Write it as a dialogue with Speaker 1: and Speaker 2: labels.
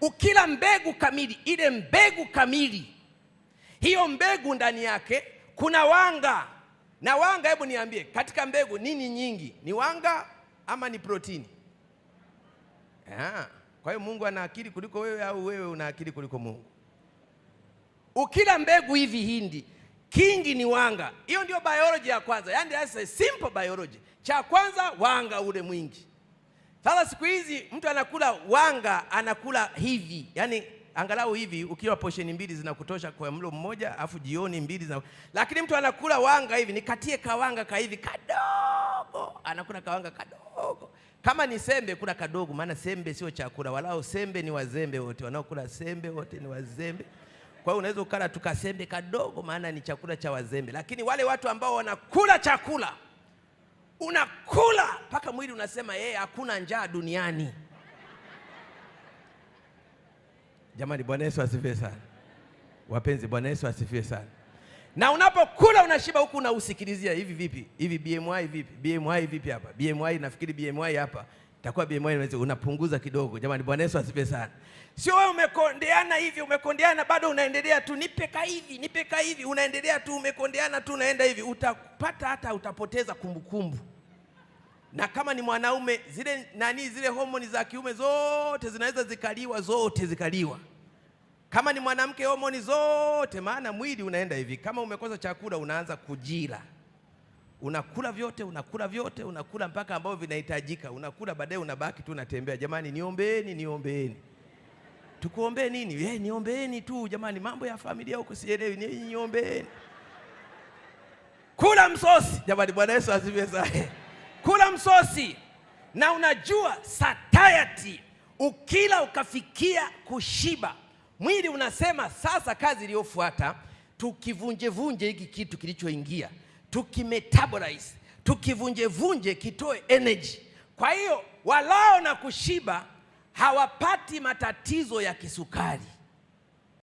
Speaker 1: Ukila mbegu kamili, ile mbegu kamili, hiyo mbegu ndani yake kuna wanga na wanga. Hebu niambie, katika mbegu nini nyingi? Ni wanga ama ni protini? Kwa hiyo Mungu ana akili kuliko wewe au wewe una akili kuliko Mungu? Ukila mbegu hivi hindi kingi ni wanga. Hiyo ndio biology ya kwanza, yani simple biology. Cha kwanza wanga ule mwingi siku hizi mtu anakula wanga anakula hivi, yaani angalau hivi, ukiwa posheni mbili zinakutosha kwa mlo mmoja, afu jioni mbili zina... lakini mtu anakula wanga hivi, nikatie kawanga ka hivi kadogo, anakula kawanga kadogo. Kama ni sembe, kula kadogo, maana sembe sio chakula, walao sembe ni wazembe wote. Wanaokula sembe wote ni wazembe. Kwa hiyo unaweza ukala tukasembe kadogo, maana ni chakula cha wazembe. Lakini wale watu ambao wanakula chakula unakula mpaka mwili unasema yeye hakuna njaa duniani.
Speaker 2: Jamani, Bwana Yesu asifiwe sana. Wapenzi, Bwana Yesu asifiwe sana. Na unapokula unashiba, huku unausikilizia hivi, vipi hivi, BMI vipi, BMI vipi hapa, BMI nafikiri BMI hapa itakuwa BMI unapunguza kidogo. Jamani, Bwana Yesu asifiwe sana. Sio wewe umekondeana hivi, umekondeana bado unaendelea tu, nipe ka hivi, nipe ka hivi, unaendelea tu, umekondeana tu, unaenda hivi, utapata hata utapoteza kumbukumbu kumbu na kama ni mwanaume zile nani zile homoni za kiume zote zinaweza zikaliwa, zote zikaliwa. Kama ni mwanamke homoni zote, maana mwili unaenda hivi. Kama umekosa chakula, unaanza kujila, unakula vyote, unakula vyote, unakula mpaka ambao vinahitajika, unakula baadaye, unabaki tu unatembea. Jamani, niombeeni, niombeeni, tukuombee nini? Hey, eh, niombeeni tu jamani, mambo ya familia huko sielewi, niombeeni. Kula msosi jamani. Bwana Yesu asifiwe sana kula msosi, na unajua satayati ukila ukafikia kushiba, mwili unasema sasa, kazi iliyofuata tukivunjevunje hiki kitu kilichoingia, tukimetabolize, tukivunjevunje kitoe energy. Kwa hiyo walao na kushiba hawapati matatizo ya kisukari.